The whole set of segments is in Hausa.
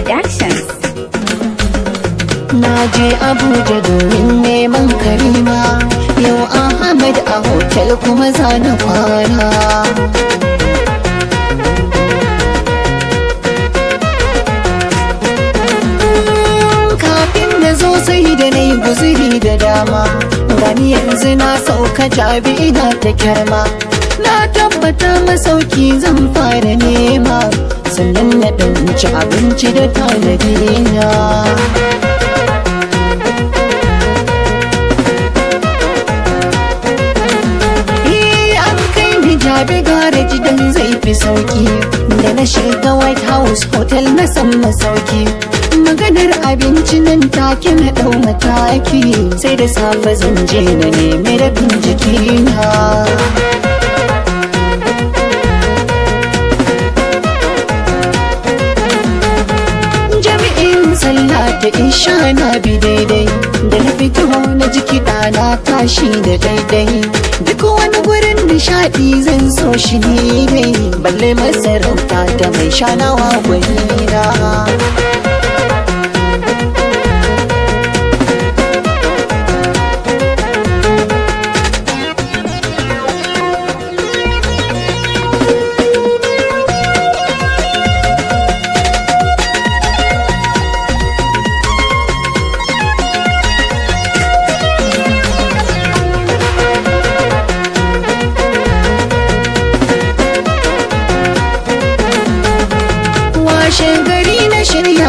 Productions. Na je Abuja domin neman karima, yau Ahmad a hotel kuma za na kwana. sai da na yi da dama gani yanzu na sauka jabi ina ta kyarma na tabbata masauki zan fara nema sannan na ɗanci abinci da tanadi na Abi gara gidan zai fi sauki da na shiga White House Hotel na san masauki. Maganar abinci nan take na ɗau mataki sai da safe zan je na nemi rabin jikina. allah ta isha na bi daidai da na fito na jiki kiɗa na tashi da daidai duk wani gurin nishaɗi zan so shi ne balle masarauta da mai shanawa gwanina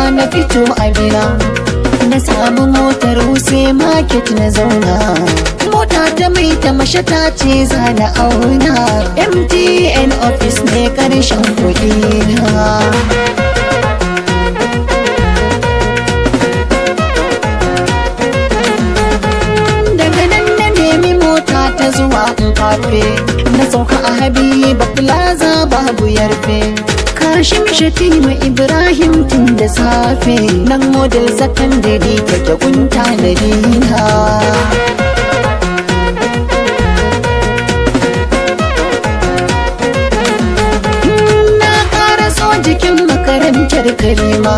na fito a biya na samu motar wuse market na zauna mota ta mai ta mashata ce za na auna mtn office ne karshen kuɗi na zuwa in kafe na sauka a habiba plaza babu yarfe Hashim ma Ibrahim tun da safe nan model sakandare kake kunta na dina. Na karaso jikin makarantar karima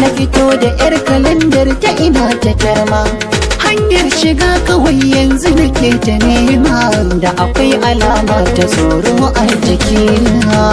na fito da 'yar kalandar ta ina ta karma. hanyar shiga kawai yanzu nake ta nema da akwai alama ta tsoro a jikina.